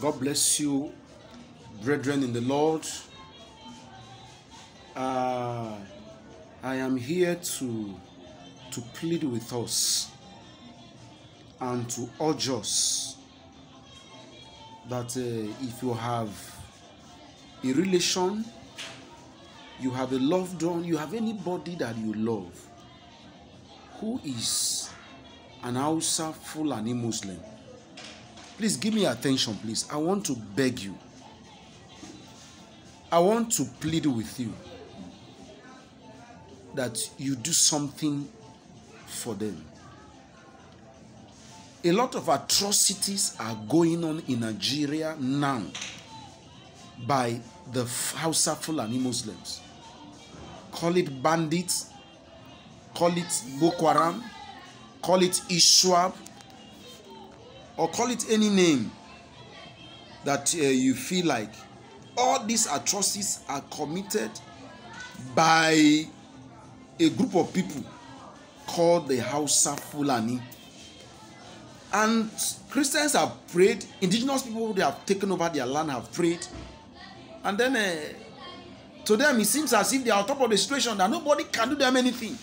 God bless you, brethren in the Lord. Uh, I am here to, to plead with us and to urge us that uh, if you have a relation, you have a loved one, you have anybody that you love who is an Hausa Fulani Muslim Please give me attention, please. I want to beg you. I want to plead with you that you do something for them. A lot of atrocities are going on in Nigeria now by the Hausa Fulani Muslims. Call it bandits, call it Boko Haram, call it Ishwab, or call it any name that uh, you feel like. All these atrocities are committed by a group of people called the Hausa Fulani. And Christians have prayed, indigenous people they have taken over their land have prayed. And then uh, to them, it seems as if they are on top of the situation that nobody can do them anything.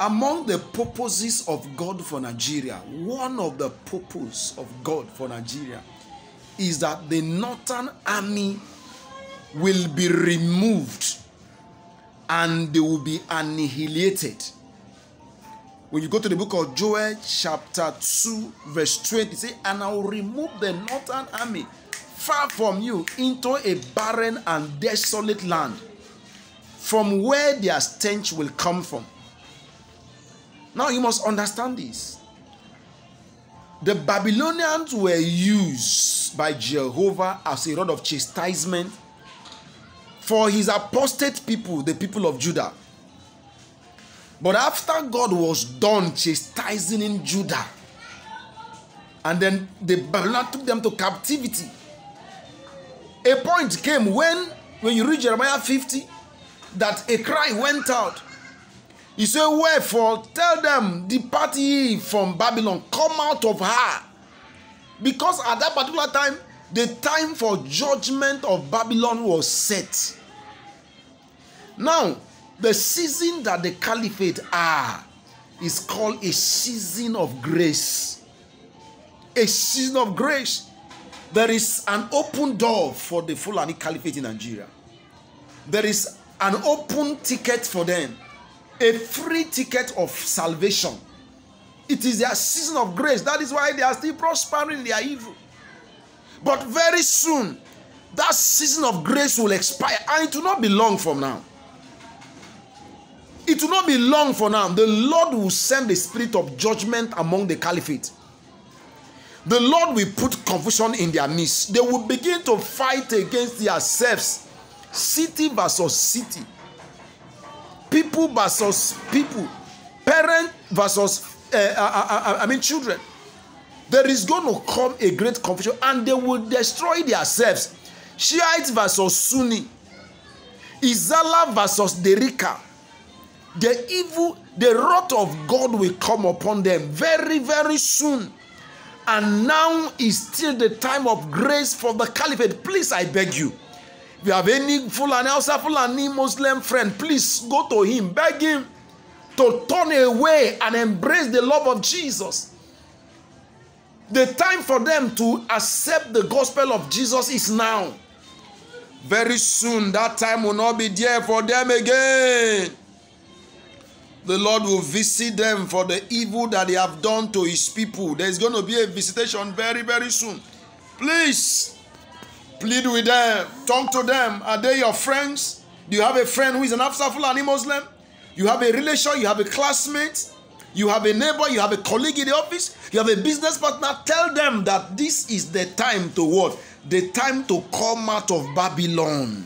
among the purposes of God for Nigeria, one of the purposes of God for Nigeria is that the northern army will be removed and they will be annihilated. When you go to the book of Joel, chapter 2, verse 20, say, And I will remove the northern army far from you into a barren and desolate land, from where their stench will come from now you must understand this. The Babylonians were used by Jehovah as a rod of chastisement for his apostate people, the people of Judah. But after God was done chastising in Judah, and then the Babylon took them to captivity. A point came when, when you read Jeremiah 50, that a cry went out He said, Wherefore, tell them, depart ye from Babylon, come out of her. Because at that particular time, the time for judgment of Babylon was set. Now, the season that the caliphate are is called a season of grace. A season of grace. There is an open door for the Fulani Caliphate in Nigeria. There is an open ticket for them a free ticket of salvation. It is their season of grace. That is why they are still prospering in their evil. But very soon, that season of grace will expire and it will not be long from now. It will not be long for now. The Lord will send the spirit of judgment among the caliphate. The Lord will put confusion in their midst. They will begin to fight against themselves, city versus city people versus people, parent versus uh, I, I, I mean children. There is going to come a great confusion, and they will destroy themselves. Shiite versus Sunni, Izala versus Derika. The evil, the wrath of God will come upon them very, very soon. And now is still the time of grace for the caliphate. Please, I beg you. If you have any Fulani, Hausa Fulani Muslim friend, please go to him, beg him to turn away and embrace the love of Jesus. The time for them to accept the gospel of Jesus is now. Very soon, that time will not be there for them again. The Lord will visit them for the evil that they have done to his people. There's going to be a visitation very, very soon. Please Plead with them. Talk to them. Are they your friends? Do you have a friend who is an Fulani Muslim? You have a relation, you have a classmate, you have a neighbor, you have a colleague in the office, you have a business partner. Tell them that this is the time to what? The time to come out of Babylon.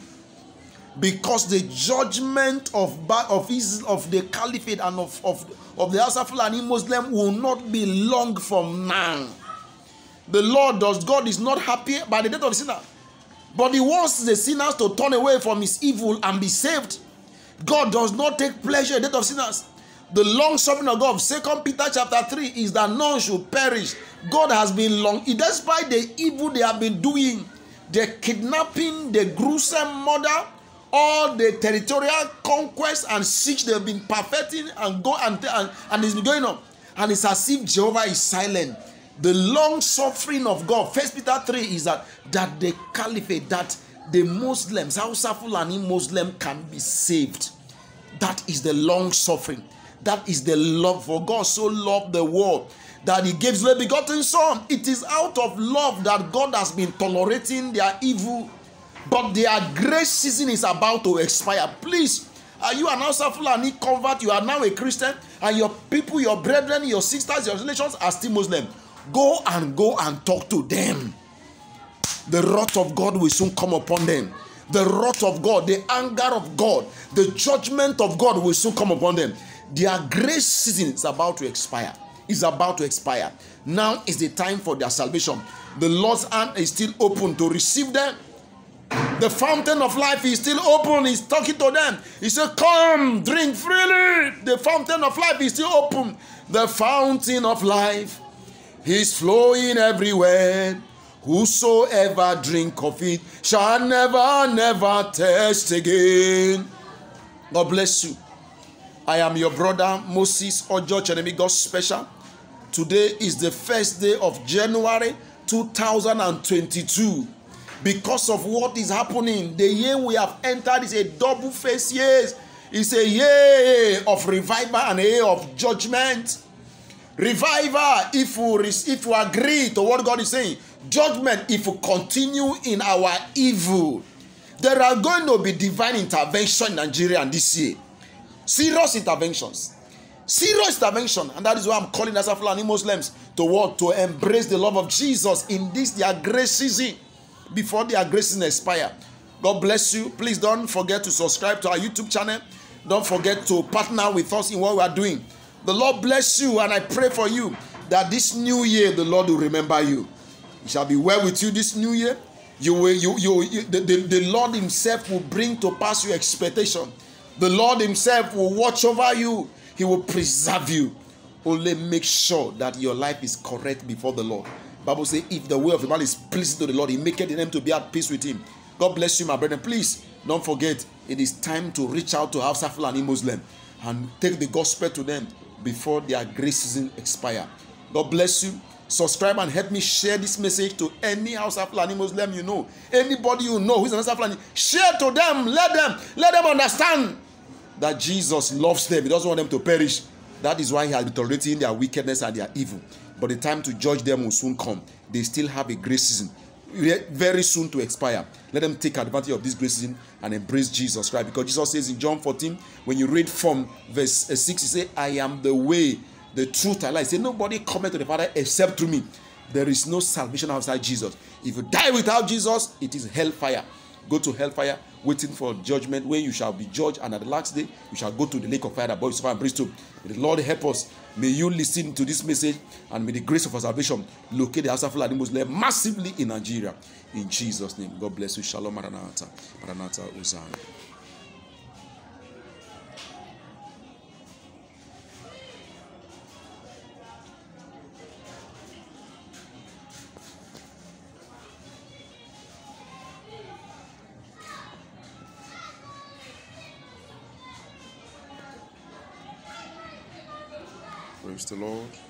Because the judgment of of, of the caliphate and of, of, of the Asafulani Muslim will not be long from now. The Lord does God is not happy by the death of the sinner. But he wants the sinners to turn away from his evil and be saved. God does not take pleasure in the death of sinners. The long suffering of God, Second Peter chapter 3, is that none should perish. God has been long, despite the evil they have been doing, the kidnapping, the gruesome murder, all the territorial conquest and siege they've been perfecting and go and, and, and it's been going on. And it's as if Jehovah is silent the long suffering of God first Peter three is that that the caliphate that the Muslims Hausa Fulani Muslim can be saved that is the long suffering that is the love for God so love the world that he gives the begotten son it is out of love that God has been tolerating their evil but their grace season is about to expire please are you an Hausa Fulani convert you are now a Christian and your people your brethren your sisters your relations are still Muslims. Go and go and talk to them. The wrath of God will soon come upon them. The wrath of God, the anger of God, the judgment of God will soon come upon them. Their grace season is about to expire. Is about to expire. Now is the time for their salvation. The Lord's hand is still open to receive them. The fountain of life is still open. He's talking to them. He said, Come, drink freely. The fountain of life is still open. The fountain of life is flowing everywhere. Whosoever drink of it shall never, never thirst again. God bless you. I am your brother Moses Ojo Chenemi God Special. Today is the first day of January 2022. Because of what is happening, the year we have entered is a double-faced year. It's a year of revival and a year of judgment. revival if we, if you agree to what God is saying, judgment if we continue in our evil. There are going to be divine intervention in Nigeria this year. Serious interventions. Serious intervention. And that is why I'm calling us Fulani Muslims to what? To embrace the love of Jesus in this their grace season before their grace expire. God bless you. Please don't forget to subscribe to our YouTube channel. Don't forget to partner with us in what we are doing. The Lord bless you, and I pray for you that this new year the Lord will remember you. He shall be well with you this new year. You will, you, you, you the, the, the Lord Himself will bring to pass your expectation. The Lord Himself will watch over you, He will preserve you. Only make sure that your life is correct before the Lord. Bible says, if the way of a man is pleasing to the Lord, he maketh him to be at peace with him. God bless you, my brethren. Please don't forget, it is time to reach out to Hausa and Muslim and take the gospel to them. before their grace season expire. God bless you. Subscribe and help me share this message to any Hausa Fulani Muslim you know. Anybody you know who's is an Hausa Fulani, share to them. Let them let them understand that Jesus loves them. He doesn't want them to perish. That is why he has been tolerating their wickedness and their evil. But the time to judge them will soon come. They still have a grace season very soon to expire. Let them take advantage of this grace season and embrace Jesus Christ. Because Jesus says in John 14, when you read from verse 6, uh, he says, I am the way, the truth, and life. He said, Nobody come to the Father except through me. There is no salvation outside Jesus. If you die without Jesus, it is hell fire. Go to hell fire, waiting for judgment, where you shall be judged, and at the last day, you shall go to the lake of fire that boils fire and brimstone. The Lord help us May you listen to this message and may the grace of our salvation locate the Hausa Fulani Muslim massively in Nigeria. In Jesus' name, God bless you. Shalom, Maranatha. Maranatha, Hosanna. praise the Lord.